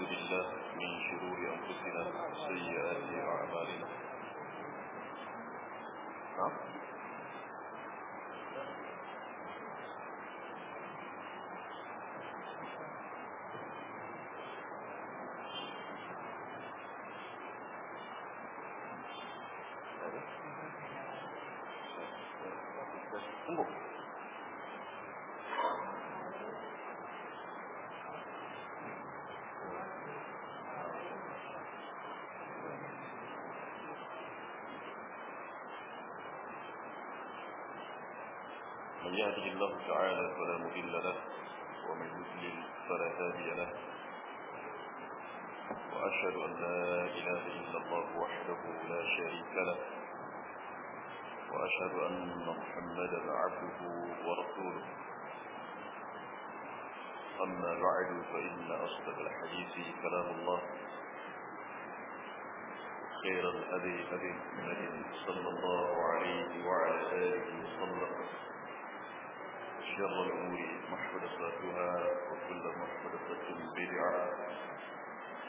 نعوذ بالله من شرور أنفسنا وسيئات أعمالنا نعم Thank you. من يهده الله تعالى فلا مضل له ومن يضلل فلا هادي له وأشهد أن لا إله إلا الله وحده لا شريك له وأشهد أن محمدا عبده ورسوله أما بعد فإن أصدق الحديث كلام الله خير الأبي أبي محمد صلى الله عليه وعلى آله وسلم شر الأمور محدثاتها وكل محدثة بدعة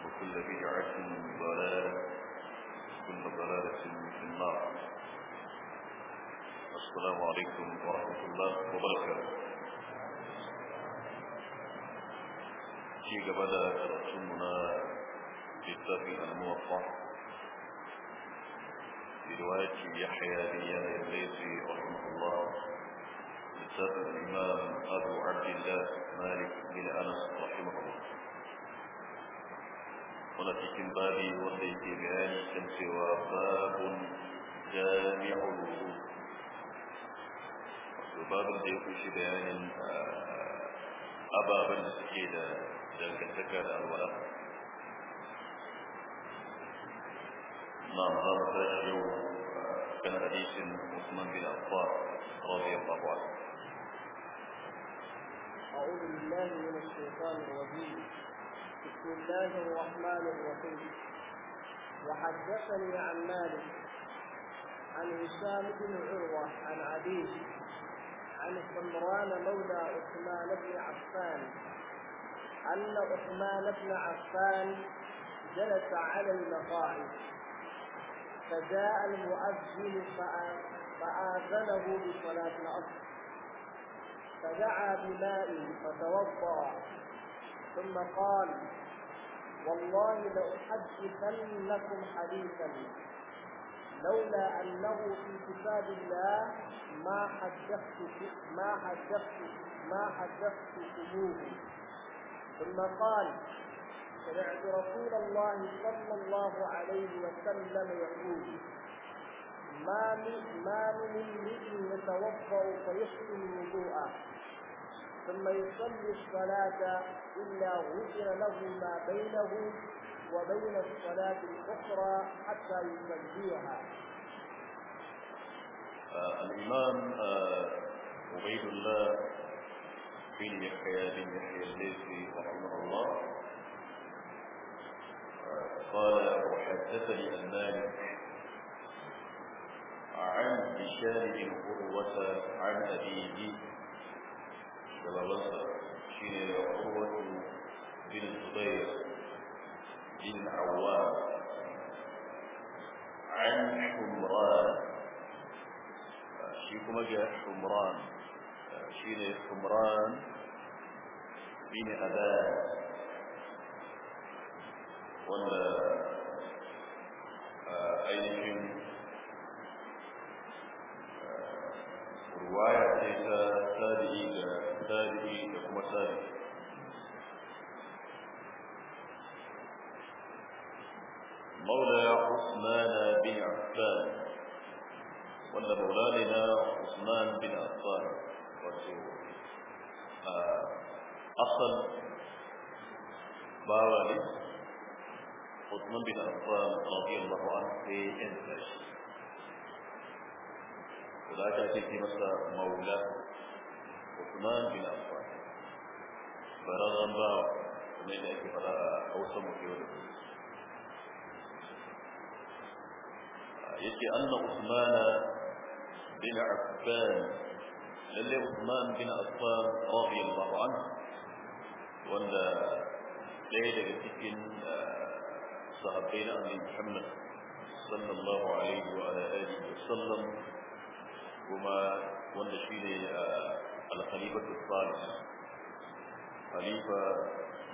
وكل بدعة ضلالة وكل ضلالة في النار السلام عليكم ورحمة الله وبركاته في قبل رسولنا كتاب الموفق برواية يحيى بن يحيى الليثي رحمه الله كتاب مالك بن انس رحمه الله قال في كتاب وصيه بيان الشمس وباب جامع الوجود وباب الضيوف في بيان آه، اباب السكينه ذلك الذكر الورق ما ظهر اليوم كان حديث عثمان بن عفان رضي الله عنه أعوذ بالله من الشيطان الرجيم بسم الله الرحمن الرحيم وحدثني عن مالك عن هشام بن عروة عن عبيد عن سمران مولى عثمان بن عفان أن عثمان بن عفان جلس على المقاعد فجاء المؤذن فآذنه بصلاة العصر فدعا بماء فتوضا ثم قال والله لأحدثنكم حديثا لولا أنه في كتاب الله ما حدثت ما حدثت ما حدثتكموه ثم قال سمعت رسول الله صلى الله عليه وسلم يقول ما من ما من امرئ يتوضا فيحسن الوضوء ثم يصلي الصلاه الا غفر له ما بينه وبين الصلاه الاخرى حتى يصليها آه الامام عبيد آه الله بن يحيى بن يحيى الليثي رحمه الله آه، قال وحدثني مالك عن هشام بن عروة عن أبيه عليه شين عروة بن الزبير بن عوام عن حمران شيخ مجا حمران شين حمران بن أبان ولا ainihin ruwaya ce ta tabi'i da tabi'i مولى عثمان بن عفان ولا مولانا عثمان بن عفان آه، أصل باوالي عثمان بن عفان رضي الله عنه في إنتاج ولا تأتي في مصر مولى عثمان بن عفان فرغم باو ومن يأتي فلا أوسم في ولده يأتي أن عثمان بن عفان للي عثمان بن عفان رضي الله عنه وأن ليلة بسكن صحابينا من محمد صلى الله عليه وعلى آله وسلم kuma wanda shi ne al salis khalifa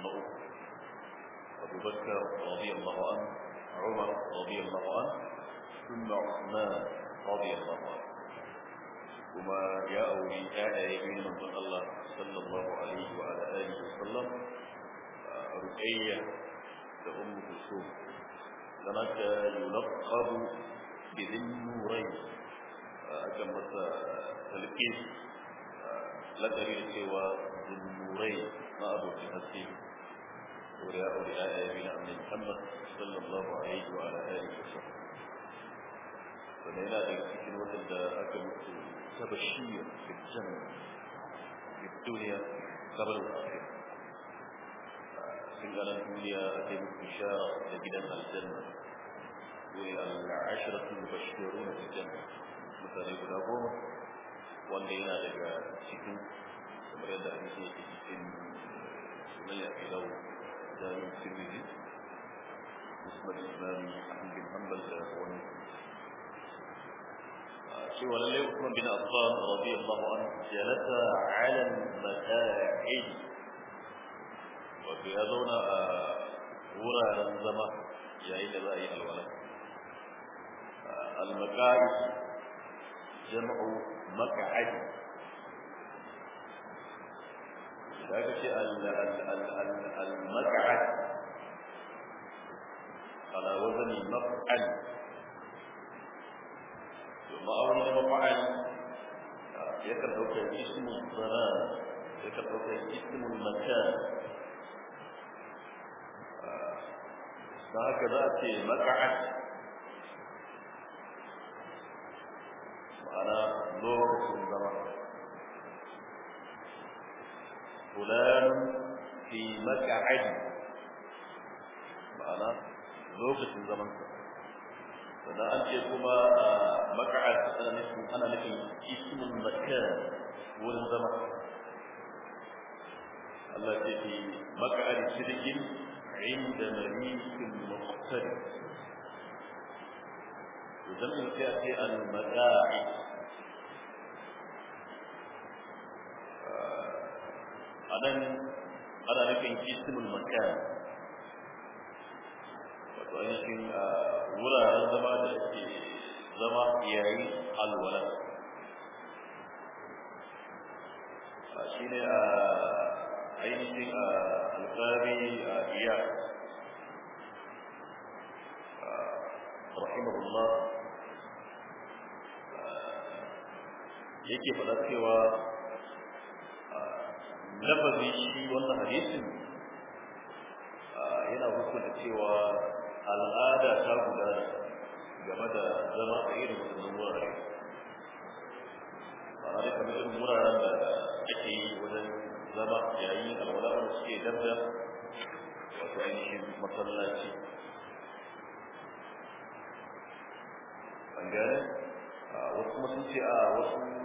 na uku abu bakar radiyallahu anhu umar radiyallahu anhu kuma Uthman radiyallahu anhu kuma ya auri ƴaƴaye biyu manzon Allah sallallahu alaihi wa ala alihi wa sallam ruqayya da ummu kulsum kana ta yulaqabu bi dhil nurayn akan masa talqis lakari da cewa zunurai na abokin haske wuri a wuri a yabi na annabi Muhammad sallallahu alaihi wa alihi wa sallam wanda yana daga cikin waɗanda aka mutu tabashiyar fitan fi duniya kabar wa'afir sun ganin duniya aka yi mutu shara da gidan aljanna wuri al-ashratu mubashiruna fi janna mutane guda goma wanda yana daga cikin kamar yadda hadisi yake cikin sunan ya fi dawo jami'in tirmidhi musnad imam ahmad bin hanbal da wani cewa lallai usman bin affan radiyallahu anhu jalasa ala al-mata'id wato ya zauna a wuraren zama yayin da za a yi alwala al-mata'id جمع مقعد ذلك المقعد على وزن ثم ومعاون مقعد يكن أوكي اسم الزمان يكره أوكي اسم المكان آه، هكذا في مقعد الخوف والذرار فلان في مكعد معنا لوقت الزمن فلا أنت كما آه، مكعد أنا نسم أنا لكن اسم المكان والزمن التي في مكعد سرج عند مريس مقترب وزمن فيها في المقاعد a nan ana nufin ismul makan wato ainihin wuraren zama da ake zama yayin alwala shi ne a ainihin alƙari a iya rahimahullah yake faɗa cewa lafazi shi wannan hadisin yana da cewa al'ada ta gudana game da zama a irin wannan wurare ba da kamar irin wuraren da ake yi wajen zama yayin alwala wanda suke dabda wato ainihin masallaci an gane wasu kuma sun ce a wasu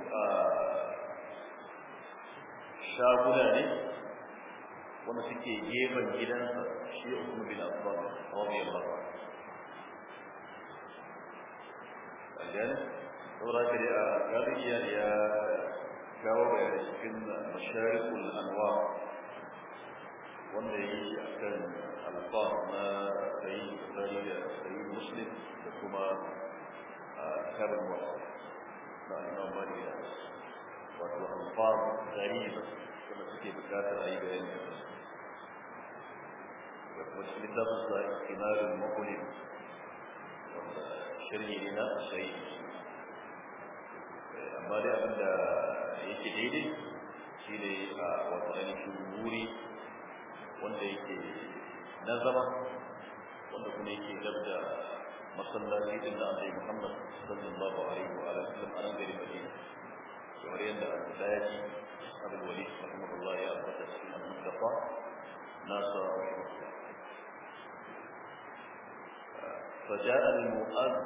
shaguna ne wanda suke gefen gidansa shi Usman bin Affan radiyallahu anhu aljan saboda ka dai a gariya ya kawo bayani cikin masharikul anwa wanda ya yi a kan alfar na sayi bukari da sayi muslim da kuma a karin wasu na imam mani da wato alfar gariba kuma suke bukatar a yi bayani da kuma cikin dafusa imarin makunin wanda shirye ne na sai amma dai abin da yake daidai shi ne a wata ainihin wuri wanda yake na zama wanda kuma yake gab da masallaci din da annabi Muhammad sallallahu alaihi wa sallam a nan garin Madina kamar yadda Allah ya أصحاب الوليد رحمه الله يا أبا تسليم المنطقة ناصر فجاء المؤذن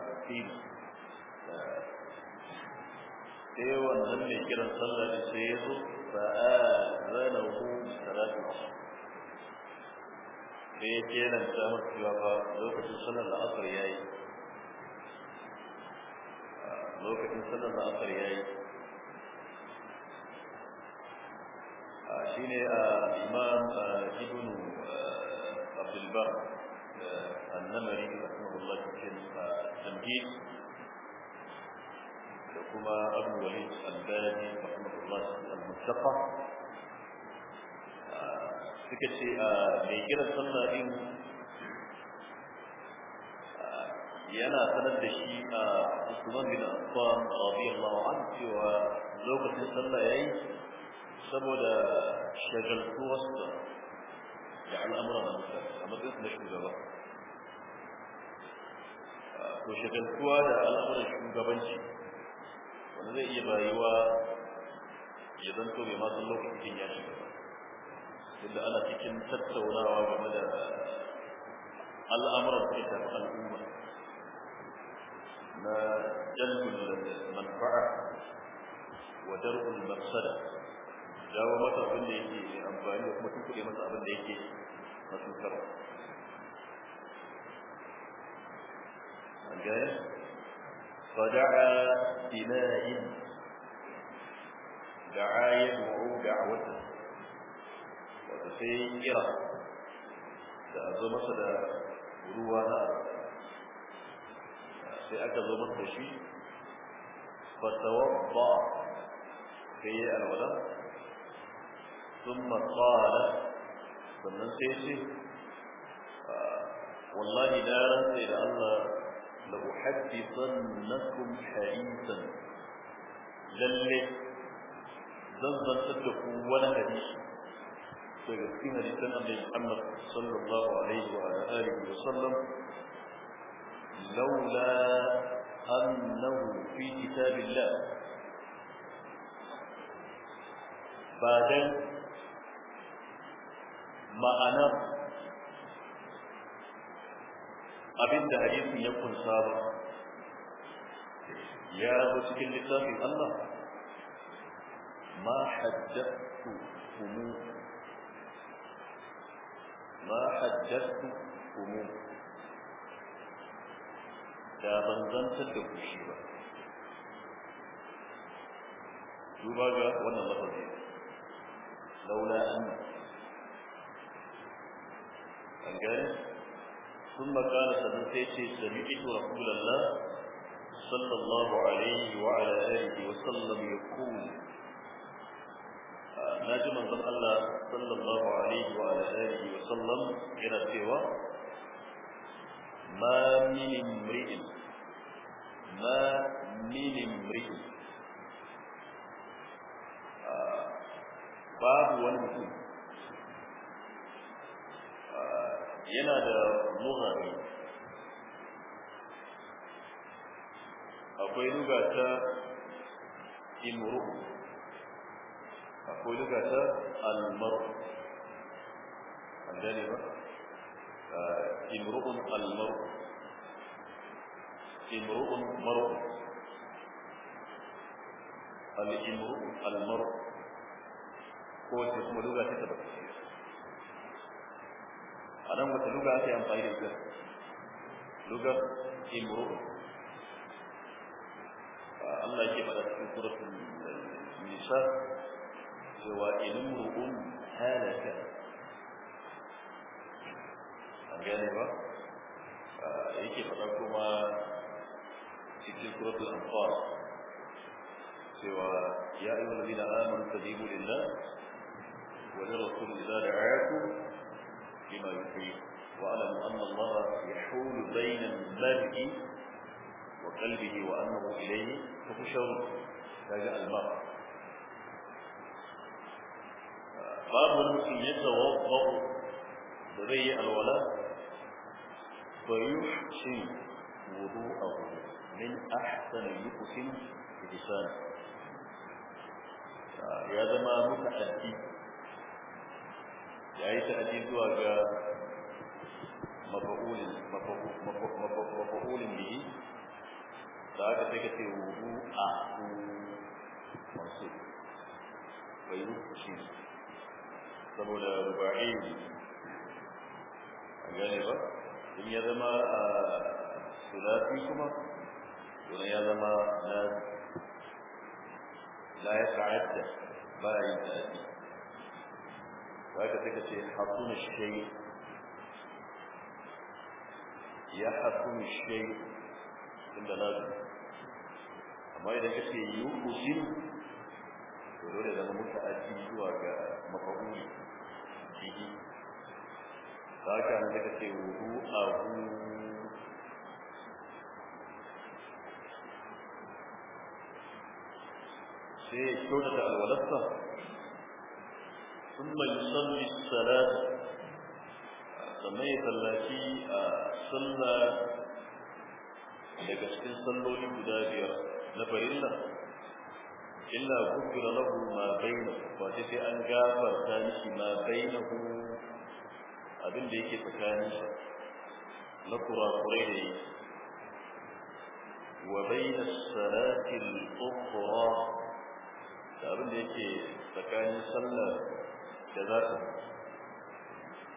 سيوا من كده صلى لسيده فآذنه بصلاة العصر في كلا سامك يوقع لوكة صلى لعصر ياي لوكة صلى لعصر ياي shine imam ibn abdul bar annamari rahimahullah cikin tamhid da kuma abu walid al-bani rahimahullah al-mustafa suka ce mai kiran sallah din yana sanar da shi a Usman bin Affan radiyallahu anhu cewa lokacin sallah yayi saboda shagaltuwarsa da al'amuran mutane a matsayin na shugaba to shagaltuwa da al'amuran shugabanci wanda zai iya bayuwa ya zanto bai masu lokacin ya shiga ba tunda ana cikin tattaunawa game da al'amuran da ita al'umma na jalbul manfa'a wa dar'ul mafsada jawo masa abin da yake amfani da kuma tunkuɗe masa abin da yake masu sarwa an gaya fada'a ilahin da'a ya du'u da'awata wato sai kira da a zo masa da ruwa na sai aka zo masa da shi fatawadda sai ya alwada ثم قال سنن سيسي آه، والله لا رأس إلى الله حدثنكم حديثا جل زنزن تتقوا ولا حديث سيقفين لسنة محمد صلى الله عليه وعلى آله وسلم لولا أنه في كتاب الله بعدين ma'anar abin da hadisin ya kunsa ba ya zo cikin littafin Allah ma haddatu kumu ma haddatu kumu da ban zantar da kushi ba duba ga wannan lafazi laula annahu an gane sun makala sannan sai ce sami'tu rasulullah sallallahu alaihi wa ala alihi wa sallam yaqul ah, na ji manzon Allah sallallahu alaihi wa ala alihi sallam yana cewa ma min ah, babu wani yana da muhari akwai luga ta imru akwai luga ta almar an ba ah, imru'un imru'un maru al ko kuma ta a nan wata luga aka yi amfani da ita lugar imru Allah yake faɗa cikin suratul nisa cewa ilmurun halaka an gane ba yake faɗa kuma cikin suratul anfal cewa ya ayyuhal ladina amanu tajibu lillah wa lirrasul idza da'akum بما يحيط واعلم ان الله يحول بين المرء وقلبه وانه اليه تحشر هذا المرء باب المسلم يتوضا بغي الولاء فيحسن وضوءه من احسن يحسن بلسانه يا زمان متعدي ya yi ta'adi zuwa ga mafa'ulin mafa'ulin bihi da aka sai ka ce wudu a ku masu bai rukuci saboda rubai a gane ba in ya zama a sulafi kuma wani ya zama na la ya ta'adda ba yi ta'addi zaka take ce hasuna shay ya hasuna shay inda lazu amma idan kace yuqsin to dole da muta'addi zuwa ga mafa'uli bihi zaka nan take ce wudu abu sai kyautata alwalarsa ثم يصلي الصلاة ثم يصلي آه، صلاة لكسكن صلوا لبدايا نفعلنا إلا غفر له ما بينه فاتسي أن غافر تانيش ما بينه أبن ليك تكانيش نقرى قريه وبين الصلاة الأخرى أبن ليك تكاني صلى تذاكر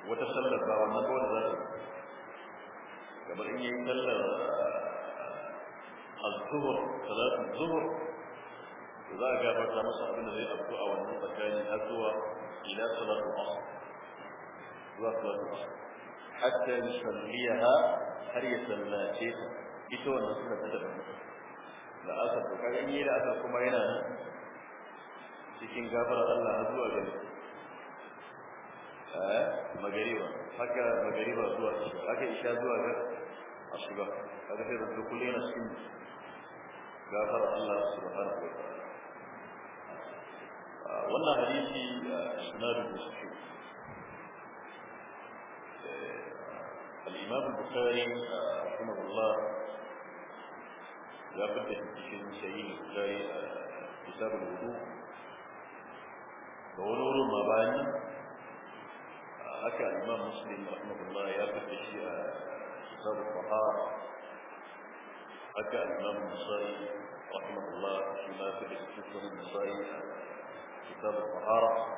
وتسلل بها النبوة تذاكر كما إن يتلل الظهر ثلاث الظهر إذا قابلت لمصر من ذي أبقى والنطة كان أدوى إلى صلاة الأصل حتى يصليها حرية لا شيء بتون صلاة الأصل لا أصل فكان إني لا أصل كما ينام لكن قابل الله أدوى جلسة magariba haka magariba zuwa isha haka isha zuwa ga asuba haka sai da kullun yana cikin gafar Allah subhanahu wa ta'ala wannan hadisi sunan muslim الإمام البخاري رحمه الله يقدم في سيد البخاري كتاب الوضوء وولور المباني حكى الإمام مسلم رحمه الله يأخذ الشيء كتاب الطهارة حكى الإمام النصائي رحمه الله فيما يأخذ الكتاب النصائي كتاب الطهارة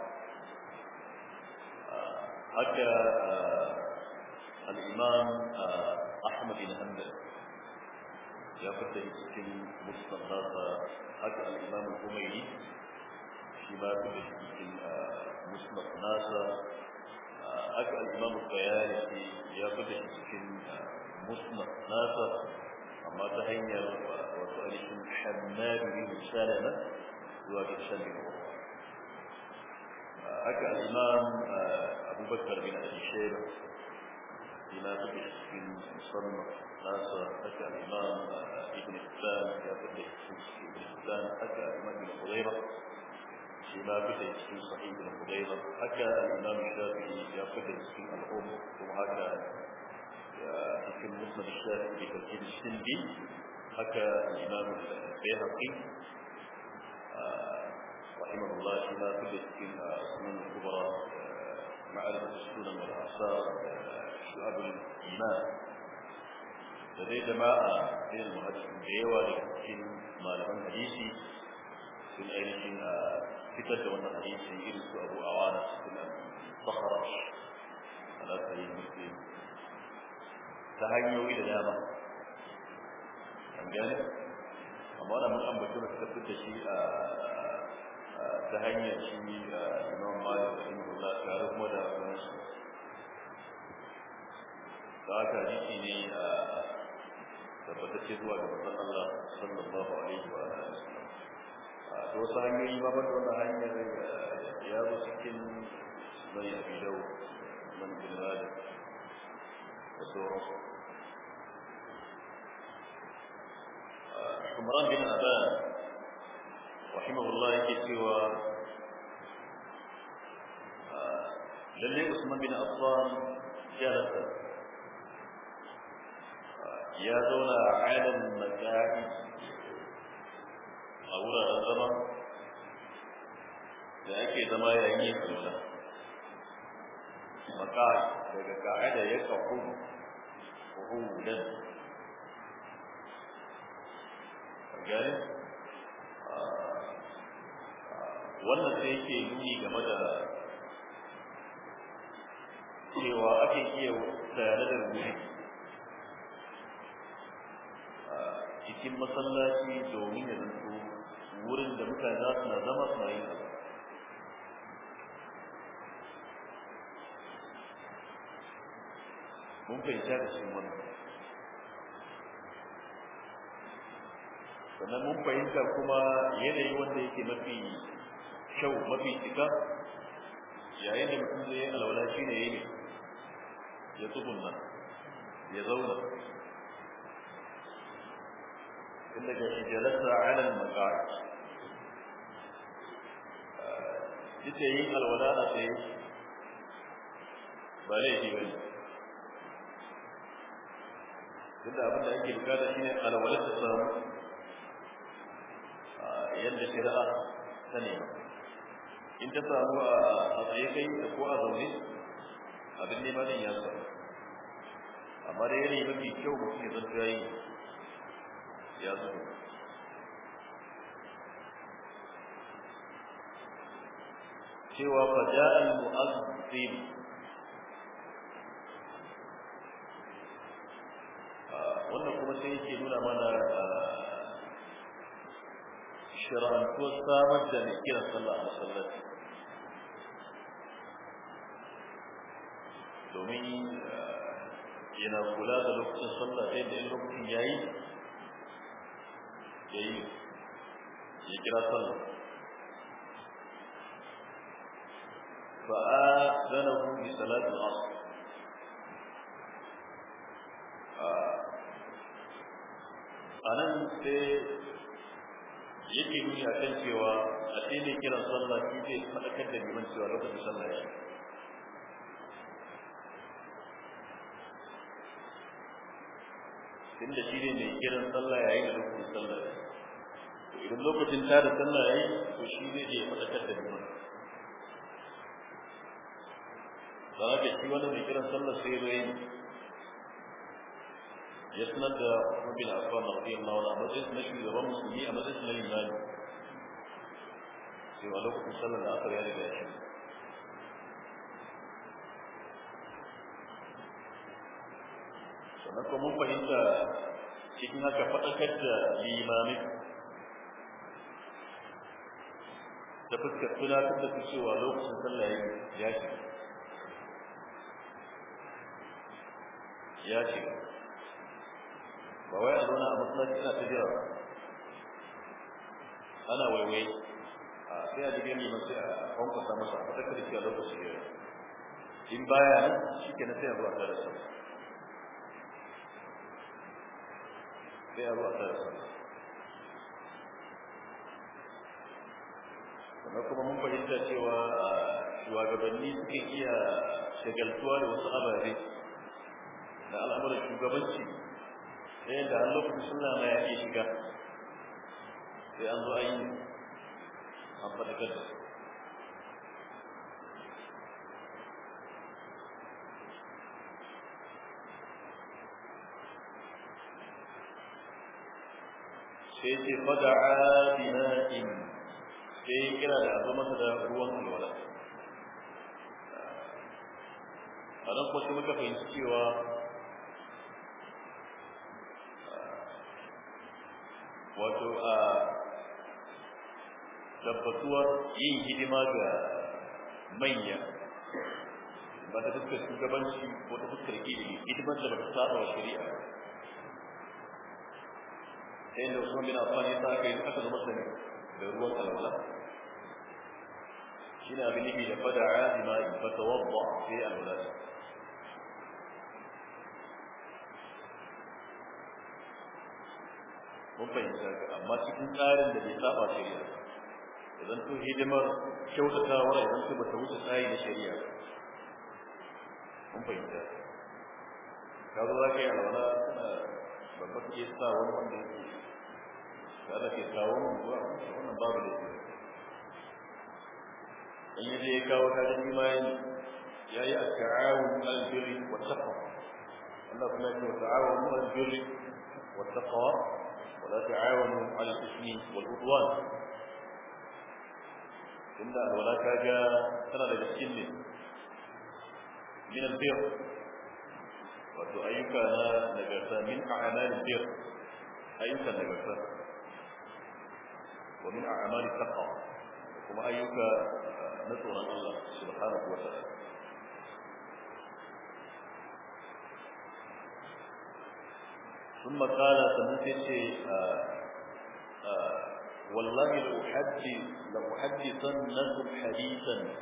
حكى آه، الإمام آه، أحمد بن حنبل يأخذ الكتاب مستنبطة حكى الإمام الخميني فيما يأخذ الكتاب مسند ناسا أسأل إمام الخيال في يقضي حسن مصنع ناصر أما تهيأ وسؤال حسن حماد بن سلمة يواجه سلمة أسأل آه، إمام آه، أبو بكر بن أبي شيبة في يقضي حسن مصنع ناصر أسأل إمام آه، ابن حسان يقضي حسن ابن حسان أسأل إمام بن حسن فيما بدا في صحيح الخضيرة حكى الإمام الشافعي في بدا في الأم وهكا في المسند الشافعي في تركيب السندي حكى الإمام البيهقي آه، رحمه الله فيما بدا في السنن الكبرى آه، معرفة السنن والآثار آه، شعب الإيمان لدي جماعة في irin muhaddisin da yawa da في malaman hadisi sun فتاة وتنعيش إنجلس أبو أعوانة سلام تخرش على سليم مسلم تهيو إلى دابا أم جاني أم أنا من أمبك ما تكتبت شيء آه، آه، تهيو شيء آه، إمام مالك رحمه الله تعالى مدى أفنش تهيو حديثيني تبتكي دوا بمثال الله صلى الله عليه وآله وسلم wasu hanyoyi ma ban da wannan hanyar ya zo cikin mai abidau man bilal da sauransu Umran bin Aban rahimahullah yake cewa lalle Usman bin Affan ya rasa ya zauna a alam majahid a wuraren zama da ake zama yayin yin maka daga ka'ada ya kafin hukunan gani wannan sai yake nuni game da cewa ake iya tsayar da rubutu cikin masallaci domin ya zanto wurin da mutane za su na zama su na mun fahimta da cikin wani sannan mun fahimta kuma yanayi wanda yake mafi kyau mafi cika yayin da mutum zai yi alwala shi ne yayi ya tsugunna ya zauna inda ga shi jalasa ala ita yin alwala a tsaye ba laifi ba ne duk da abin da ake bukata shi ne alwala ta samu yadda shari'a ta nema in ta samu a tsaye kai da ko a zaune abin nema ya samu amma da yanayi mafi kyau mutum ya zanto ya yi ya cewa faja'a al-mu'azzin wannan kuma sai yake nuna mana shirin ko samar da nikirar sallah a masallaci domin yana kula da lokacin sallah ɗaya da lokacin yayi yayi ya kira sallah فآذنه بصلاة العصر a nan sai yake nuni a kan cewa a sai sallah shi zai da lokacin sallah ya tun da shi ne mai kiran sallah yayin da lokacin sallah idan lokacin tada sallah ya to shi zai je faɗakar da liman da haka shi wani mai kiran sallar sai zo yi ya sanar da rubin asfar da rafiyar maula a matsayin na shugaban musulmi a matsayin na limani sai a lokacin sallar da asar ya riga shi sannan kuma mun fahimta cikin haka faɗakar da limamai da fuskar tunatar da su cewa lokacin sallah ya shi ya ce ba wai a zauna a masallaci ina ta jira ba ana waiwai sai a jirgin liman sai a kwankwasa masa a da shi a lokacin jira in baya nan shi ke na sai a zuwa tare da sai a zuwa tare da sannan kuma mun fahimta cewa shugabanni suke iya shagaltuwa da wasu ababe da al'amuran shugabanci ta yadda har lokacin suna na ya shiga sai an zo ayi yi an faɗakar da sai ce fada'a bina'in sai kira da abu masa da ruwan alwala a nan kuma sai muka fahimci cewa wato a tabbatuwar yin hidima ga manya ba ta fuskar shugabanci ko ta fuskar ilimi hidimar da ba ta wa shari'a sai da wasu bin Affan ya sa kai aka zama sani da ruwan alwala shine abin nufi da fada'a jima'i fa tawadda sai alwala mun fahimta ka amma cikin tsarin da bai saba shari'a idan to hidimar kyautatawa idan to bata wuce tsari da shari'a mun fahimta ka zo za ka yi alwala kana babba kake sa wani wanda yake ka da ke kawo mun zuwa wannan babu da in yi zai kawo kajan imani ya yi a ta'awun albiri wa taqwa Allah kuma ya ce wa ta'awun albiri wa taqwa ولا تعاونوا على الاثم والعدوان إلا ولا كاجا سنة للسن من البر وتؤيك نجاسة من أعمال البر أيك نجاسة ومن أعمال التقوى وما أيك نصر الله سبحانه وتعالى ثم قال سمعتني آه، آه، والله لو حدثنكم حديثا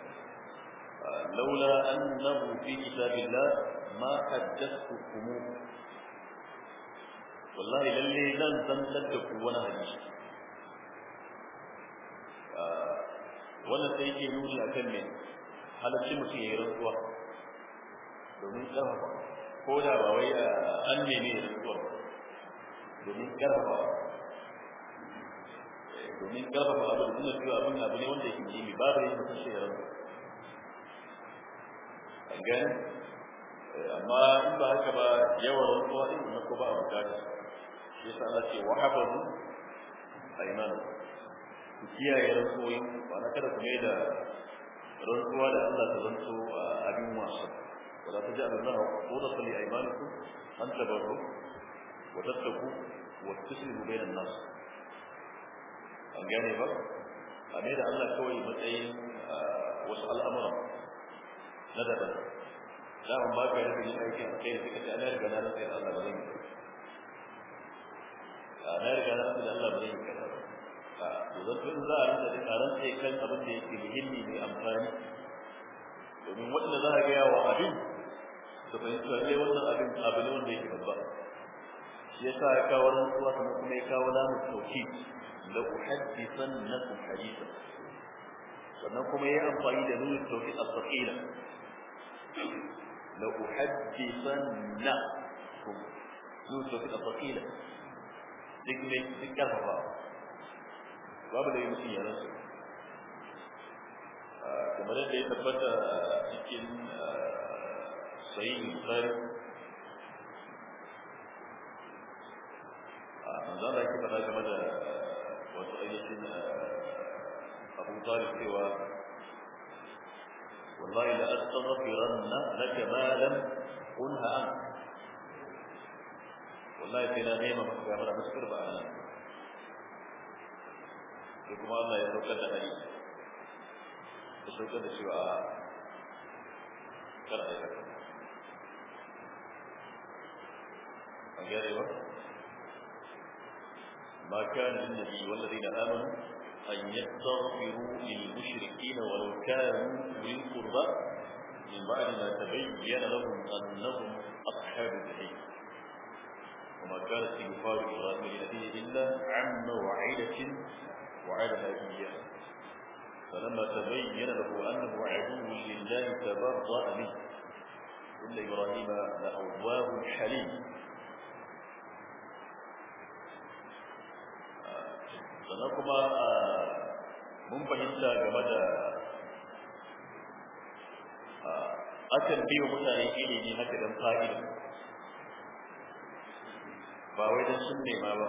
آه، لولا انه في كتاب الله ما حدثتكم والله للي لن تنتجك ولا حديث ولا تيجي نوري اكل من هل تمشي يا رسول الله domin kama ko أني ba wai an domin karfafa domin karfafa abu da suna cewa abin abu ne wanda yake jimi ba da yin sun shekarar an gani amma in ba haka ba yawan rantsuwa ɗin na ko ba a bukata shi yasa Allah ce wa hafazu aymanu ku kiyaye rantsuwoyin ba na kada ku mai da rantsuwa da Allah ta zanto a abin wasa wala taj'alu lahu qudatan li aymanikum an tabarru wa tattaqu وتسلم بين الناس الجانب أن إذا الله كوي متين آه، وسأل أمر ندبا لا هم ما في هذه الأشياء كيف كيف أنار جنات في الله بريم أنار جنات في الله بريم كذا وذكر الله أن الذي كان في كل قبل في مهني بأمكان ومن وجه الله جاء وعبد فبين سؤاله وجه أبن أبنون ليه بالضبط yasa ya kawo rantsuwa sannan kuma ya kawo lamun tauki la uhaddithannakum hadithan sannan kuma ya amfani da nunu tauki as-saqila la uhaddithannakum nunu tauki as-saqila duk ne duk karfafa babu da mutum ya rantsu kamar yadda ya tabbata cikin sahih bukhari manzo da yake faɗa game da wasu ainihin abu talib cewa wallahi la astaghfiranna laka ma lam unha an wallahi sai na nema maka gafara muskar ba nan sai kuma Allah ya saukar da hari ya saukar da cewa kar a yi haka a gare ba ما كان للنبي والذين آمنوا أن يستغفروا للمشركين ولو كانوا من قربى من بعد ما تبين لهم أنهم أصحاب الجحيم وما كان استغفار إبراهيم لأبيه إلا عن وعيدة وعدها إياه فلما تبين له أنه عدو لله تبرأ منه إن إبراهيم لأواه حليم sannan kuma mun fahimta game da akan biyu mutane ilimi haka don fa'ida ba wai don sun nema ba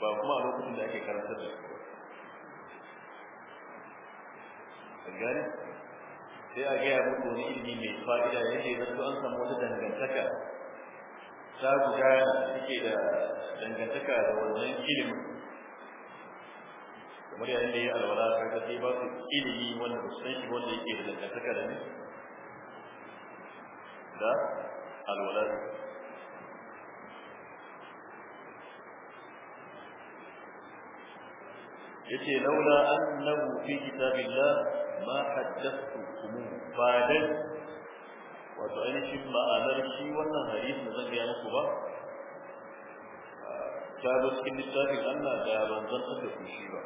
ba kuma a lokacin da ake karanta da gani sai a gaya muku wani ilimi mai fa'ida yake zato an samu wata dangantaka ta gudana suke da dangantaka da wannan ilimin kamar yayin da alwala ka ga sai ba su ilimi wanda ba san shi wanda yake da dangantaka da ni da alwala yace laula annahu fi kitabillah ma haddathtukum ba dan wato ainihin ma'anar shi wannan hadisi zan ga muku ba ta zo cikin littafin Allah da ban zanta da shi ba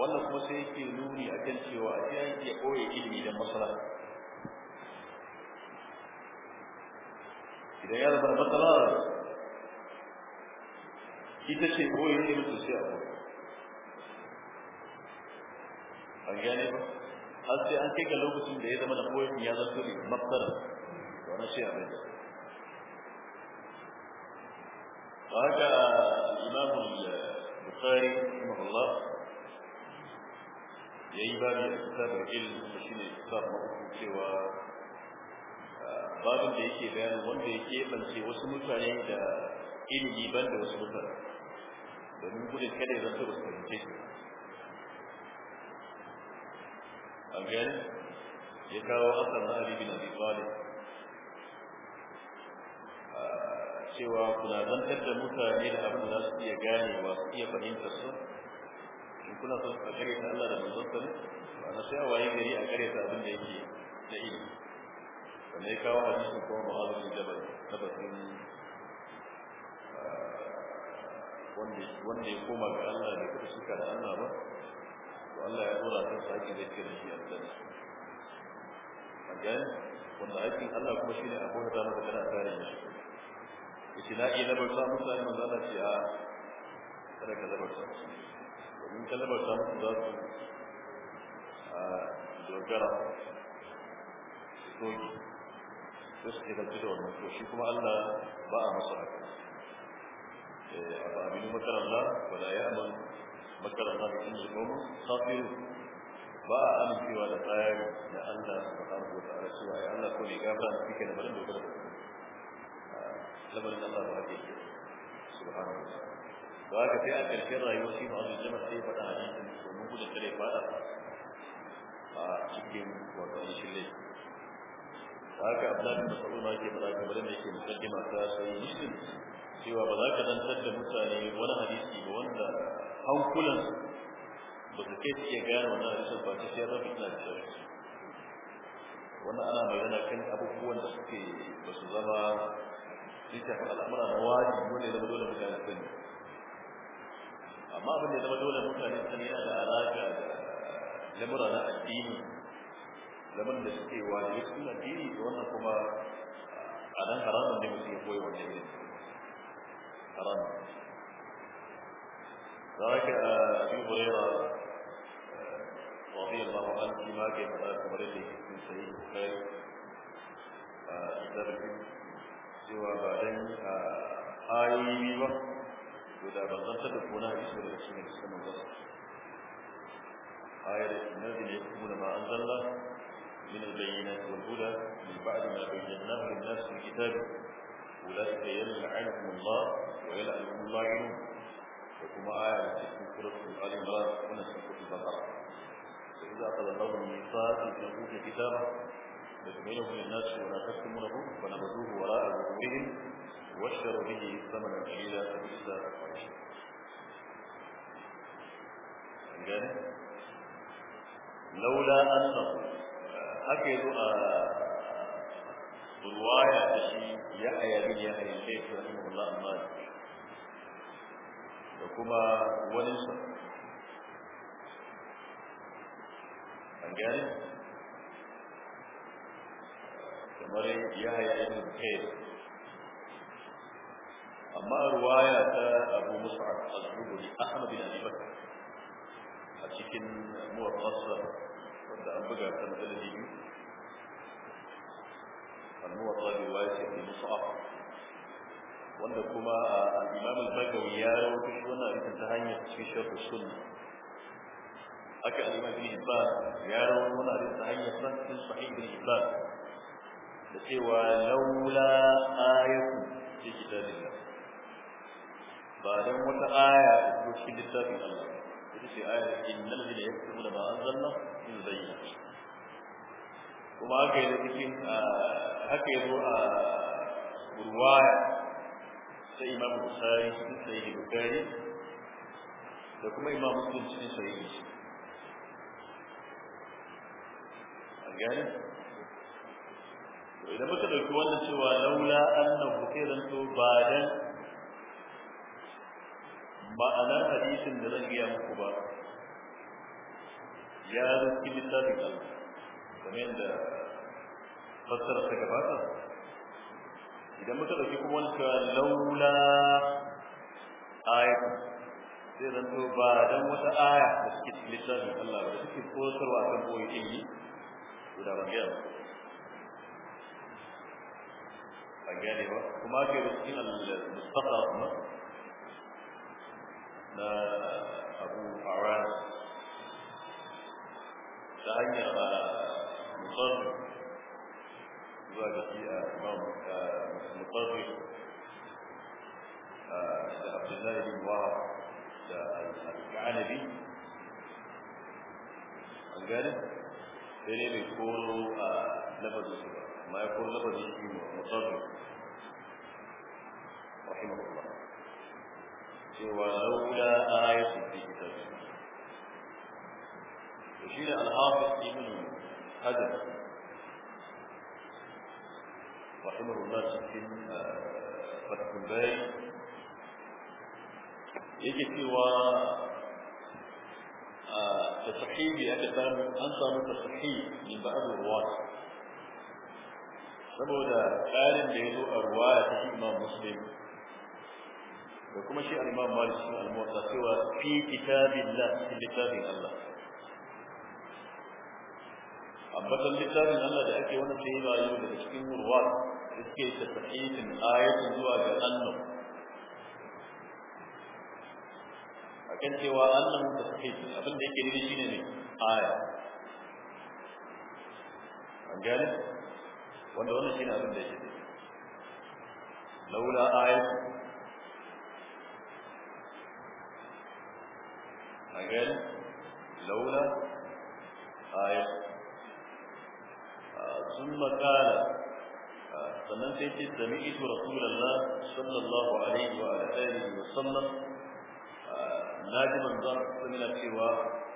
wannan kuma sai yake nuni akan cewa a ya iya ilimi da masala idan ya zama masala ita ce koya ilimi to sai a koya an gane ba har sai an kai ga lokacin da ya zama da koyon ya zanto ne mafsara wani shi a bai haka imam bukhari rahimahullah ya yi babi a kitabul ilm ne kitab na uku cewa babin da yake da wanda ya keɓance wasu mutane da ilimi ban da wasu mutane domin gudun kada ya zanta wasu fahimce shi an ya kawo asar na abi bin abi ah, cewa kuna zantar da mutane da abin da za su iya ganewa su iya fahimtar su in kuna so a kare ta Allah da manzon sa sai a waye gari a ta abin da yake da ilimi sannan ya kawo hadisin ko ma'azu bin jabal na ah, batun wanda ya koma ga Allah da kuma shuka da Allah ba to Allah ya dora ta saki da da shi A again wanda aikin Allah kuma shine a gona da kana tare shi yace la ilaha na Allah mutane manzo Allah ce a kada ka zaba ta domin kalabarta musu za su dogara doki sai su shigarci da wannan to shi kuma Allah ba a masa haka a ba aminu makarar Allah wala ya amal makarar Allah cikin shikomu safiru ba a amincewa da tsayari da Allah subhanahu wa ta'ala cewa ya Allah ko ne gafara da kike da barin dogara lamarin Allah ba haka yake subhanahu wa ta'ala da haka sai a ƙarshen rayuwar shi ma'azin jamar sai ya faɗa a jikin domin gudun kare fada a cikin wato ainihin da haka abdullahi mas'ud ma ke faɗa kamar da yake mukaddima ta sai muslim cewa ba za ka dantar da mutane wani hadisi ba wanda hankulan ba su kai suke gane wannan hadisin ba ta sai rabi ina da wannan ana magana kan abubuwan da suke ba su zama littafin al'amura na wajibi wanda ya zama dole mutane sani amma abin da ya zama dole mutane sun yana da alaƙa lamura na addini lamar da suke wa da ya suna addini da wannan kuma a nan haramun ne mutum ya koyi wannan ne haramun ذلك أبي هريرة رضي الله عنه فيما كان ذلك مريضه في سيد الخير كتاب الحج سوى بعدين آية da ban zartar da kuna hadisi daga cikin sanin ba ayar nabi ne kuma ma anzalla min al-bayyinati wal huda min ba'd ma bayyanahu lin-nas fil kitab ulaika yal'anuhum Allah wa yal'anuhum al-la'inun da kuma ayar cikin suratul al-imran wannan suratul baqara فإذا أخذ الله الميثاق الذين أوتوا الكتاب لتبينه للناس ولا تكتمونه فنبذوه وراء ظهورهم واشتر به ثمنا قليلا فبئس القرش لولا انه آه، اكيد آه، رواية تشي يا يا بن يا بن الشيخ رحمه الله المال لكما ونسى فنجان كمري يا يا بن الشيخ amma ruwaya ta abu musa'ad az-zuhri ahmad bin abi bakr a cikin muwaffasa wanda an buga ta madalili biyu al-muwaffasa bi ruwaya ta abu musa'ad wanda kuma al-imam al-bagawi ya rawaito shi wannan rikin ta hanyar cikin shirku sunna haka al-imam ibn hibban ya rawaito wannan rikin ta hanyar san cikin sahih ibn hibban da cewa laula ayatu fi kitabillah بعدم وتا آية يشهد في الله يشهد آية إن الذين يكتمون ما أنزل الله من بينه وما كان يمكن حتى يدعو رواية سيمام البخاري سيد البخاري لكم إمام مسلم سيد سيد مسلم وإذا ما تقول كوانا سوى لولا أنه كيرا تو بعدا ma'anar hadisin da zan gaya muku ba ya zo cikin littafin Allah kamar yadda fassara ta gabata idan muka ɗauki kuma wani cewa laula ayatu sai zan to ba dan wata aya da suke cikin littafin Allah ba suke koyarwa kan koyi ilmi to da ban gaya ba gane ba kuma ke da cikin al-mustaqar أبو فراس شاهدنا مصرف زوجة مصر عبد الله بن وهب الكعنبي عن جانب سيدي من كل آه، لفظ ما يقول لفظ مصر رحمه الله ولولا آية في كتابه وشيل الحافظ ابن حجر رحمه الله سكن فتح الباري yake cewa tasahibi aka samu an samu tasahibi min ba'd ruwat saboda tsarin da ya zo a ruwaya ta imam muslim da kuma shi al-Imam Malik shi al-Muwatta cewa fi kitabillah cikin littafin Allah ambatan littafin Allah da ake wannan sai yana yau da cikin ruwa da suke tafiyin ayatu zuwa ga annabi akan cewa annabi tafiyin abin da yake nufi shine ne aya an gane wanda wannan shine abin da yake laula ayatu أجل لولا آية ثم قال sannan sai ce sami'tu rasulullah sallallahu alaihi wa alihi wa sallam naji manzon sunna cewa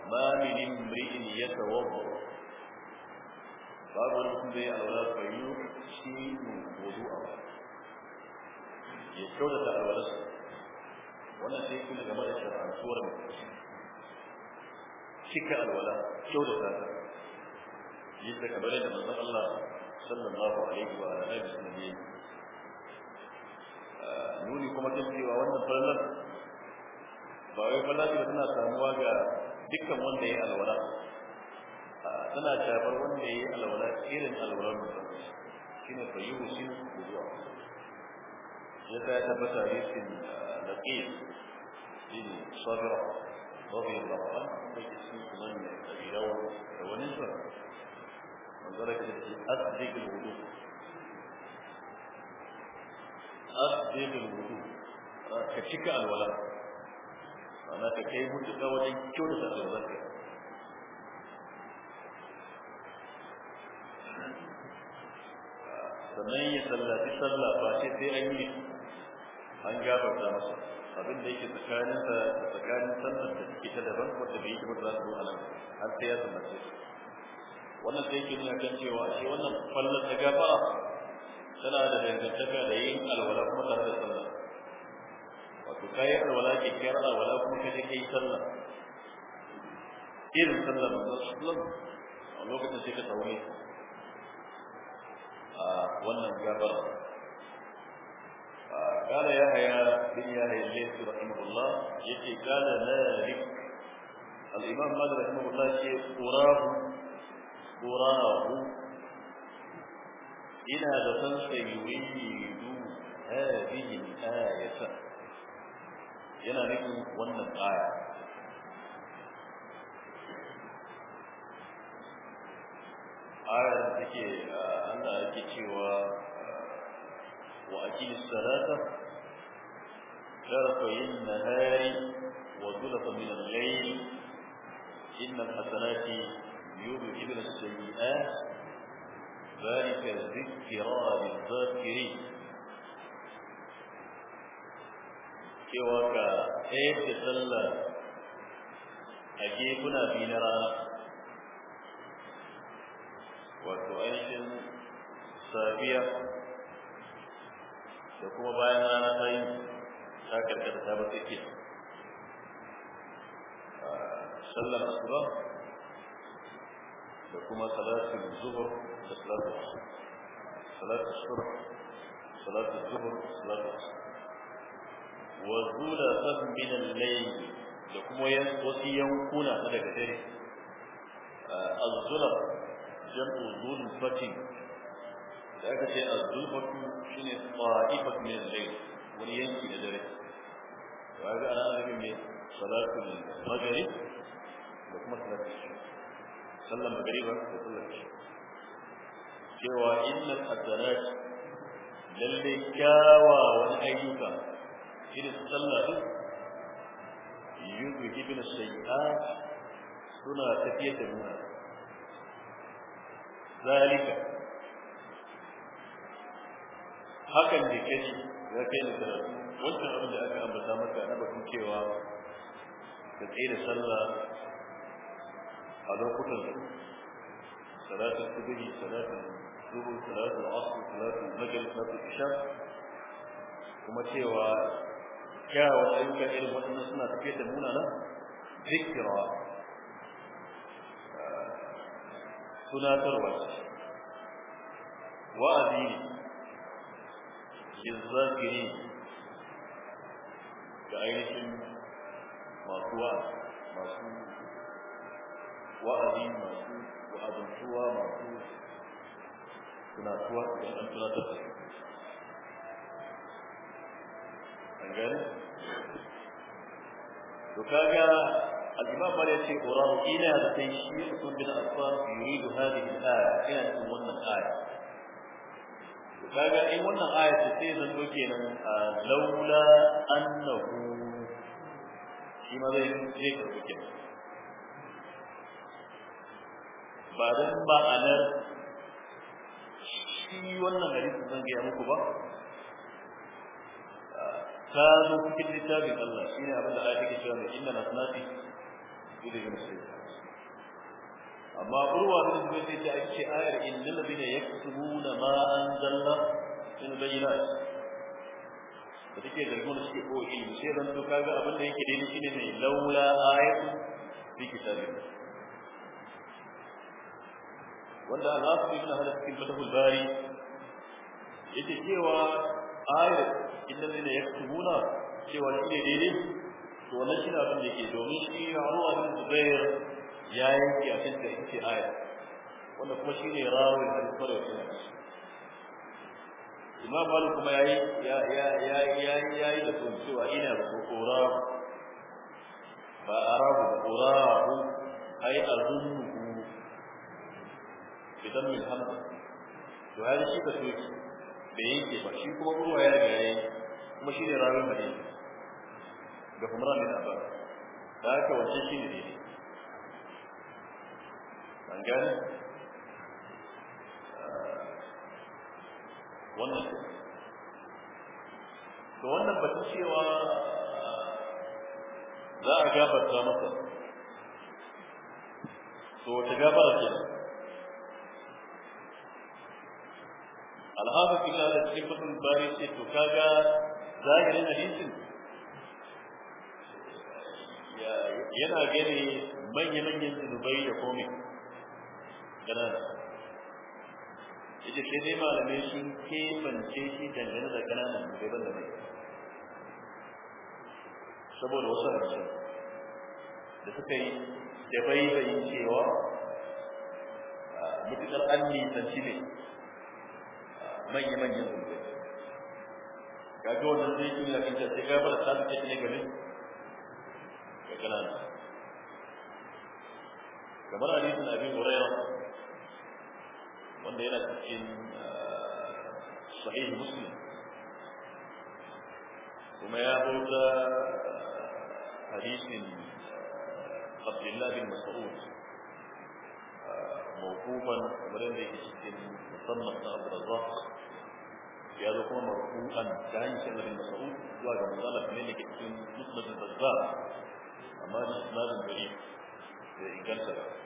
ma min imrin yatawadda babu mutum da ya alwala fayu shi mun wudu'a ya kauda da alwala wannan sai kuma game da shar'antuwar mutum cika alwala da ta yadda ka bari da manzon Allah sallallahu alaihi wa alihi wasallam yayi nuni kuma kin kan wa wannan farlan ba wai farlan da tana samuwa ga dukkan wanda yayi alwala tana shafar wanda yayi alwala irin alwalar mutum shine fa yusin zuwa yadda ya tabbata yasin laqis bin sabra رضي الله عنه في اسم سنن أبي داود ونزل وذلك أصدق الوضوء أصدق الوضوء كشك الولاء أنا كي متك وجن كل الولاء sannan ya sallaci sallah ba sai sai an yi an gafarta masa abin da yake tsakanin da tsakanin sallar da take ta daban wanda bai yi wanda za su anan har sai ya sallace wannan sai yake nuna kan cewa shi wannan fallar ta gafara tana da dangantaka da yin alwala kuma tare da sallah wato kai alwala ke kiyar alwala kuma kaje kai sallah irin sallar manzon sallam a lokacin sai ka tsawo ne a wannan gafara قال يا هيا بن يا هيا الليث رحمه الله يقي قال مالك الإمام مالك رحمه الله شيء أراه أراه إلى دفن سيريد هذه الآية ينا نكون ون الآية آية ذكي أنا ذكي وأكيد وأجل شرف النهار وزلف من الليل إن الحسنات يذهبن السيئات ذلك ذكرى للذاكرين كيوكا ايه تسلى اجيبنا في نرى وتؤيش سابية تقوم بأن أنا ta karkata ta ba take sallar asuba da kuma salatul zuhur da salatul asr salatul shurh salatul zuhur da asr wa zulatan min minan layl da kuma wasu yankuna na daga dare az-zulaf jam'u zulfatin da aka ce az-zulfatu shine qa'ifatu min al-layl wani yanki na dare ba ga ana nufin ne salatul maghrib da kuma salatul sallan magriba da sallar isha cewa innal hasanat lalle kyawawan ayyuka irin sallah duk yuzu ibn sayyi'at suna tafiyar da nuna zalika hakan da kaji ya kai ni karatu wancan abin da aka ambata maka na batun cewa ka tsaye da sallah a lokutan salatul subhi salatul zuhur salatul asr salatul maghrib salatul isha kuma cewa kyawun ayyukan irin waɗannan suna tafiye da munana zikira eh, tunatarwa wa'azi ne lizzakiri ga ainihin masu wa masu masu wa'azantuwa masu tunatuwa da an tunatar da an gani to kaga al-imam malik ce qur'an ina da sai shi ibn bin affan yuridu hadhihi al wannan aya kaga in wannan aya ce sai zan doke nan laula annahu shi ma zai je ka doke ba dan ba anar shi wannan hadisi zan gaya muku ba ta zo cikin littafin Allah shine abin da aya take cewa inna nasnati ilayhi muslim amma urwa bin zubair sai ta ce ayar innal ladina yak دل من بينات فتكيه ذلكون اسكفوا إن سيدا تكاغا أبن ليك دينكيني لولا آية في كتاب وانا الآخر ابن هذا كلمته الباري يجي كيوا آية إن الذين يكتبون كيوا لكي ديني ونشنا أبن ليك دونيشي عروة الزبير يا يمكي أشنك إنك آية وانا كمشيني راوي الحديث مريم imam malik kuma yayi ya ya ya ya yayi da kun cewa ina da kokora ba arabu korahu ai azunnuhu idan min hamza to ya shi ka so ki bai yake ba shi kuma ruwa ya ga yayi kuma shi ne rawin madina da kuma ran da ba da ka wace shi ne an wannan to wannan batu cewa ah, za a gabata masa to ta gabara ce alhaka fi lalata cikin bari ce to kaga zahirin hadisin yana gani manya-manyan zunubai da komai ganana yace sai dai malamai sun kebance shi dangane da kananan gaban da mai saboda wasu harshe da suka yi da baibayin cewa mutukar an tanci ne manya-manyan ga kaga wannan zai yi lafiya sai ga bar samun kai ne gari ga kanana kamar a hadisin abin hurairah والليلة من صحيح مسلم وما يعود حديث من قبل الله بن مسعود موقوفا امرين ليك ستين مصنع عبد الرزاق في هذا مرفوعا كان سيدنا بن مسعود وهذا مصنع من ليك ستين مصنع بن الرزاق اما اسناد بريء كان سبب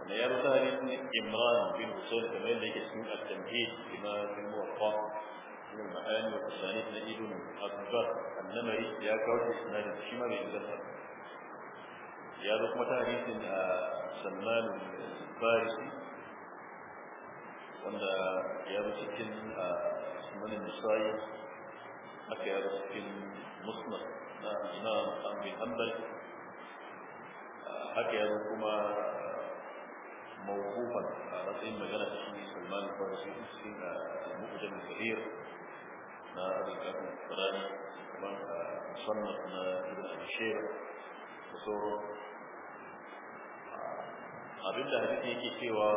wanda ya rusa hadisin imran bin usul kamar yadda yake cikin at-tamhid bima fil muwaffa min ma'ani wa tasanid na ibn abdullah annamari ya kawo isnad shi ma bai inganta ya zo kuma ta hadisin a ah, salman al-farisi wanda ya zo cikin ah, sunan nisa'i aka ya zo cikin musnad na imam an hanbal ah, haka ya zo kuma موقوفا على طيب مجالة الشيخ سلمان الفارسي السين المقدم الكبير ما أبي الكافي الثاني كمان مصنف ابن أبي شيبة وصوره abin da hadisi yake cewa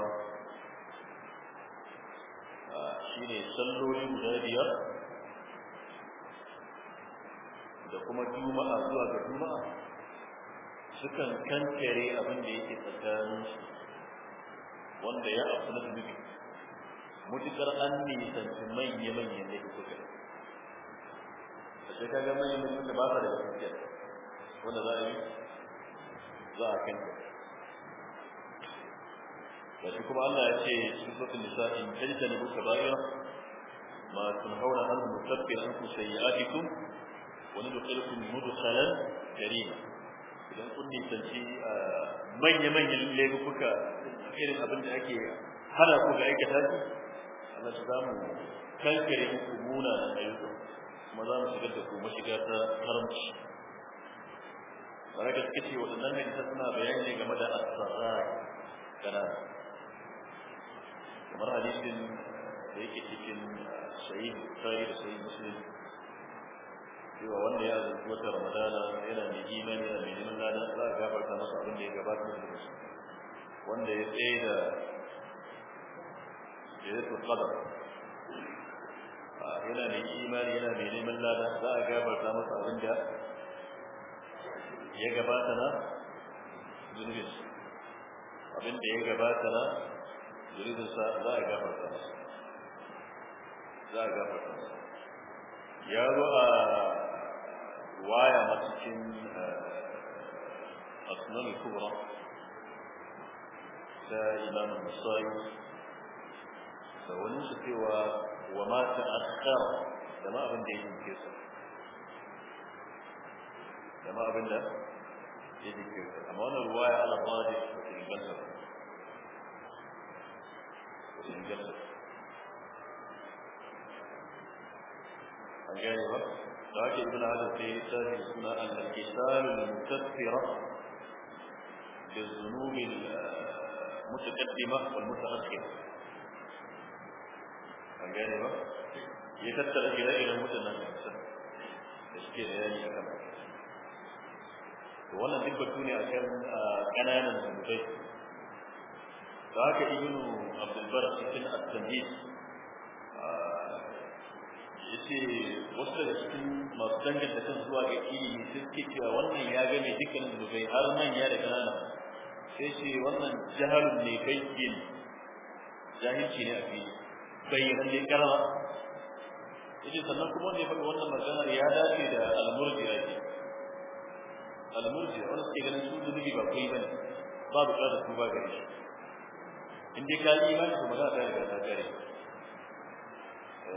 ne salloli guda biyar da kuma juma'a zuwa ga juma'a sukan kankare abin da yake tsakanin su wanda ya abu na zunubi mutukar an nisanci manya-manyan da kuka a ce kaga manyan da ba sa da gaskiya wanda za a yi za a kanta da shi kuma Allah ya ce su sotun nisa in kanta ne buka bayar ma sun haura an mutaffi an ku sayi wani da kalkun mudu salan karima idan kun nisanci ah, manya-manyan laifuka irin abin da ake hana ku ga aikata su Allah shi zamu kankare muku muna na ayyuka kuma za mu shigar da ku mashiga ta haramci Baraka suka ce waɗannan ta suna bayani ne game da asarai kana kamar hadisin da yake cikin ah, sahihi Bukhari da sahihi Muslim cewa wanda ya azurci wata ramadana yana imani yana mai neman za a masa abin da ya gabata da shi wanda ya tsaye da yana imani yana mai neman za a masa abin da ya gabata na zunubin abin da ya gabata na zunubin sa za a masa za a masa ya zo a رواية مسكن أصنام آه، الكبرى إمام النصائي فولنسى وما تأخر كما أبن دين كيسر كما أبن دين كيسر أما أنا رواية على الراجح وفي الجسر وفي الجسر أجاني لكن ابن عدد في رسالة اسمنا أن الكتال المتكفرة بالذنوب المتكفمة والمتغذكرة الجانبة يتبتل إلى المتنفس المتنفسة اسكير يعني أكبر وانا دبا توني أكام كنانا المتكفر فهكذا ابن عبد البرق في التمهيد آه، ce wasu daga cikin masu da kan zuwa ga ilimi sai suke cewa wannan ya game dukkanin zubai har manya da kanana sai ce wannan jahalun ne kai yin jahilci ne a fili bayyanan ne karama yace sannan kuma wanda ya faɗi wannan maganar ya dace da almurjiya ne almurjiya wanda suke ganin su zunubi ba kai bane ba buƙatar tuba gare shi in dai ka yi imani to magana ta ta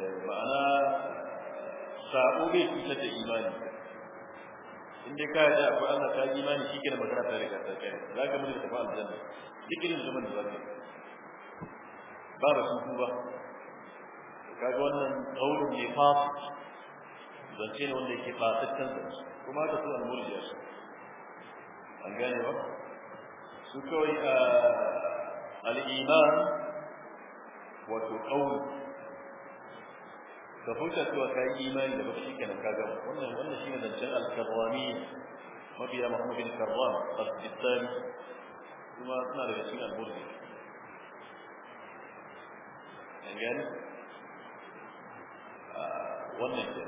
ma'ana sa'o bai cutar da imani in dai ka yarda abu Allah ta imani shi kenan magana ta riga ta kai za ka mutu da tafi aljanna cikin zaman da zaka ba ba ba sun tuba wannan qawlu ne fa zance ne wanda yake ta zance kuma ka su al-murjiya su an gane ba su kawai ah, al-iman wato kauli ka furta cewa ka imani da baka shikenan ka gama wannan wannan shine zancen al-karramiyya mabiya Muhammad bin Karram al-Sistani kuma suna da cikin al-Burdi an wannan ke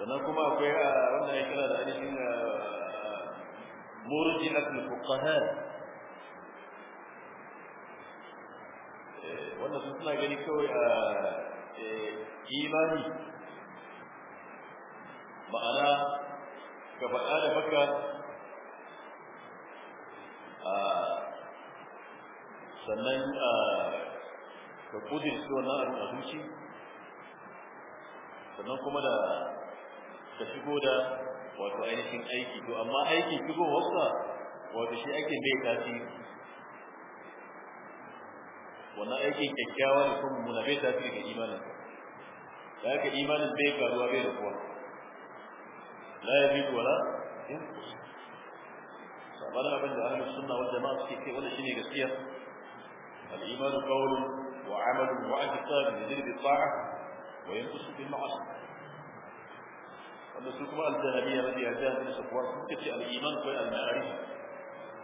sannan kuma akwai wannan ya kira da ainihin murji'at al-fuqaha wannan suna gani kawai Eh, imani ma'ana ka faɗa da baka sannan ka kudin su na'arun a zuci sannan kuma da ka shigo da wato ainihin aiki to amma aiki shigo wasa wato shi ake mai tasiri wannan aikin kyakkyawa da kuma munafai bai tasiri da imanin da haka imanin bai karuwa bai rabuwa la yazid wala in sabar abin da ahlus sunna wal jama'a suke ce wannan shine gaskiya al-iman qawlun wa 'amalun wa i'tiqadun bi bi ta'ah wa yanqus bi ma'asi wannan su kuma al-jahabiyya radiyallahu anhu su suke ce al-iman ko al-ma'arif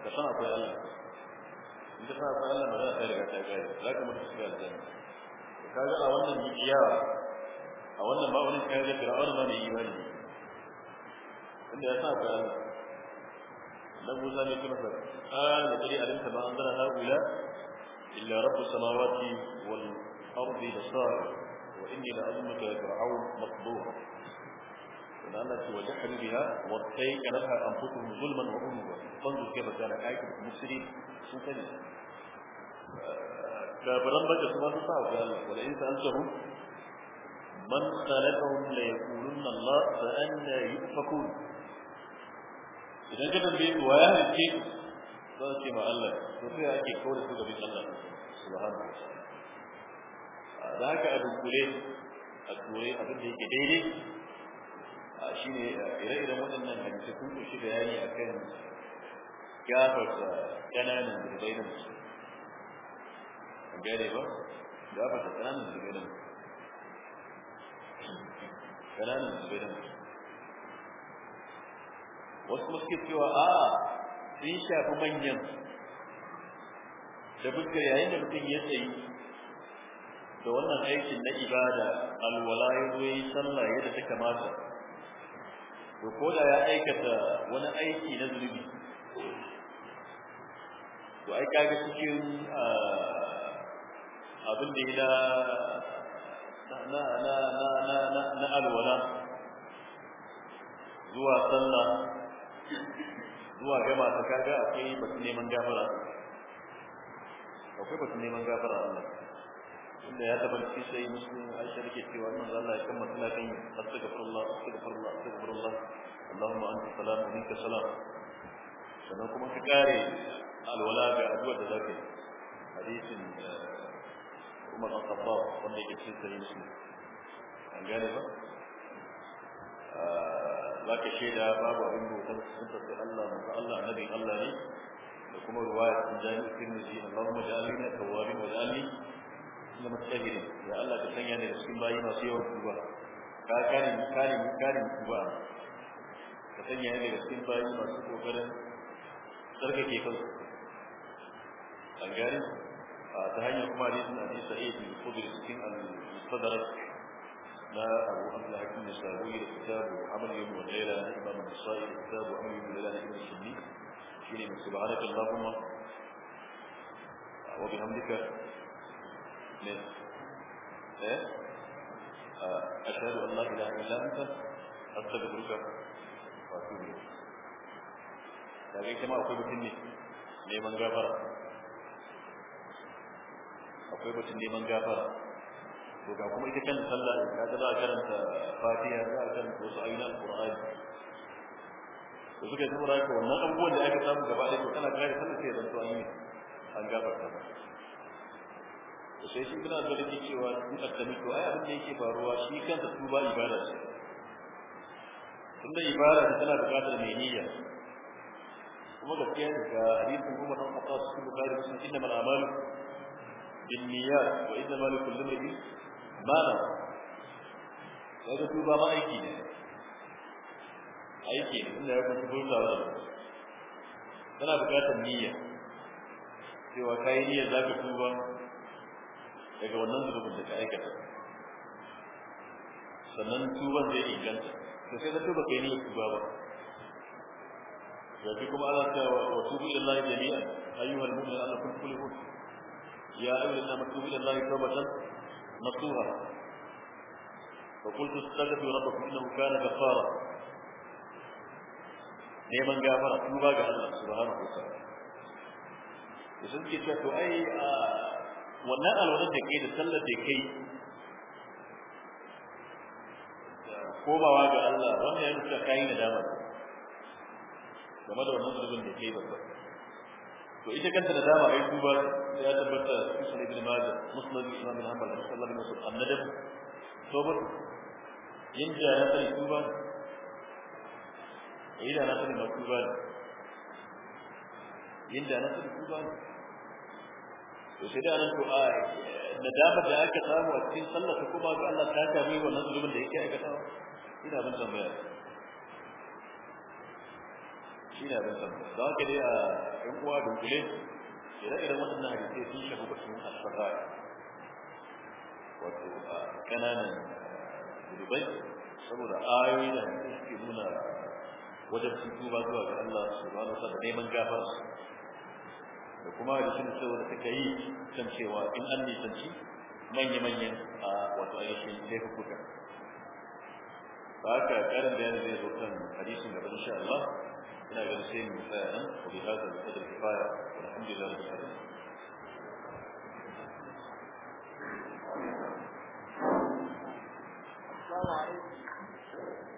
da sana ko Allah in ka sa ka Allah magana ta riga ta gaya za ka mutu shiga aljanna ka ga a wannan mijiya a wannan ba wani kayan da fir'aun ma mai imani inda ya sa ka Allah dan Musa ne kuma sa qala la tari alimta ma anzala haula illa rabbus samawati wal ardi basar wa inni la azmuka ya fir'aun maqdur التي وجحدوا بها وارتيك لها أنفسهم ظلما وعنوا فانظر كيف كان آية المسلمين شو كان فبرم آه، بجا سما تسعى وقال ولئن سألتهم من خلقهم ليقولن الله فأنا يؤفكون إذا جاء بيت وياه الكيك فأتي مع الله وفي أكيد كورة سيدة بيت الله سبحانه وتعالى آه، ذاك أبو كليل أبو كليل أبو كليل shine ire-iren waɗannan hadisi sun kunshi bayani akan gafarta kananan zurbai da musu an gane ba gafarta kananan zurbai da musu kananan zurbai da musu wasu muske cewa a sun shafi manyan da fuskar yayin da mutum ya tsayi da wannan aikin na ibada alwala ya zo yi sallah yadda ta kamata to ko da ya aikata wani aiki na zunubi to ai kaga cikin ah, abin da ya na na na na na na alwala zuwa sallah zuwa gama ta kaga akwai batun neman gafara akwai batun neman gafara Allah inda ya tabbata cikin sai muslim Aisha take cewa manzo Allah ya kammata lafiyan astaghfirullah astaghfirullah astaghfirullah Allahumma anta salam wa minka salam sannan kuma ka kare alwala ga addu'a da zaka yi hadisin Umar bin Khattab wanda yake cikin sai muslim an gane ba za ka shaida babu abin bautar sun tafi Allah manzo Allah annabin Allah ne da kuma ruwaya sun jami'in Tirmidhi Allahumma ja'alni tawwabin wa ja'alni na mutsahirin ya Allah ka sanya ni da cikin bayi masu yawan tuba ka kare ni kare ni kare ni tuba ka sanya ni da cikin bayi masu kokarin tsarkake kansu an gane ta hanyar kuma hadisin Abi Sa'id al-Khudri cikin al-Sadrak na Abu Hamza Hakim al-Sahawi da kitabu Amal Yawm wa Layla na Imam An-Nasa'i da kitabu Amal Yawm wa Layla na Ibn Sunni shine subhanakallahumma wa bihamdika ne eh? eh ashhadu an la ilaha illa anta astaghfiruka wa atubu ilayk akwai mutum neman gafara akwai neman gafara to ga kuma ita kan sallah ka ga za a karanta fatiha za a karanta wasu ayoyin alqur'ani to suka yi saboda wannan abubuwan da aka samu gaba ɗaya to kana kare sallah sai ya zanto an yi an gafarta sai shi ibn da yake cewa in addami to ai abin da yake faruwa shi kansa tuba ibada ce tunda ibada tana buƙatar mai niyya kuma da daga hadisin Umar bin su cikin Bukhari sun inna mal amalu bin niyyat wa inna mal kullu imrin ma sai da tuba ba aiki ne aiki ne inda ya kuntu burzawa tana buƙatar niyya cewa kai niyyar zaka tuba daga wannan zunubin da ka aikata sannan tuban zai inganta to sai da tuba kai ne tuba ba yafi kuma Allah ta wa tubu ila Allah jami'an ayyuhal mu'min Allah kun kulli hud ya ayyuhal mu'min tubu ila Allah tawbatan nasuha فقلت استغفر ربكم انه كان غفارا neman gafara tuba ga Allah subhanahu wa ta'ala ke ce to ai wannan alwalar da kai da sallar da kai ko ba wa ga Allah wannan yana nuna kai da dama game da wannan zulubin da kai babba to ita kanta da dama ai duba sai ya tabbata cikin ibn majah muslim imam ibn hanbal sallallahu alaihi wasallam annadab ba yin da ya jaratar duba da na tsari duba yin da na jaratar duba to sai da nan to a nadamar da aka samu a cikin sallah ta kuma ga Allah ta kame wannan zulumin da yake aikata ina ban tambaya ina ban tambaya da haka dai a ɗan uwa dunkule ire-iren waɗannan hadisai sun shafi batun asfarai wato a ƙananan zulubai saboda ayoyi da suke nuna wajen tuba zuwa ga Allah subhanahu wa ta'ala neman gafara da kuma da shi cewa da suka yi kan cewa in an nisanci manya-manyan a wato ainihin laifuka ba haka karin bayani zai zo kan hadisin gaba insha Allah ina ganin sai mu tsaya nan wa bi hadha al-qadr kifaya walhamdulillah rabbil alamin Thank you.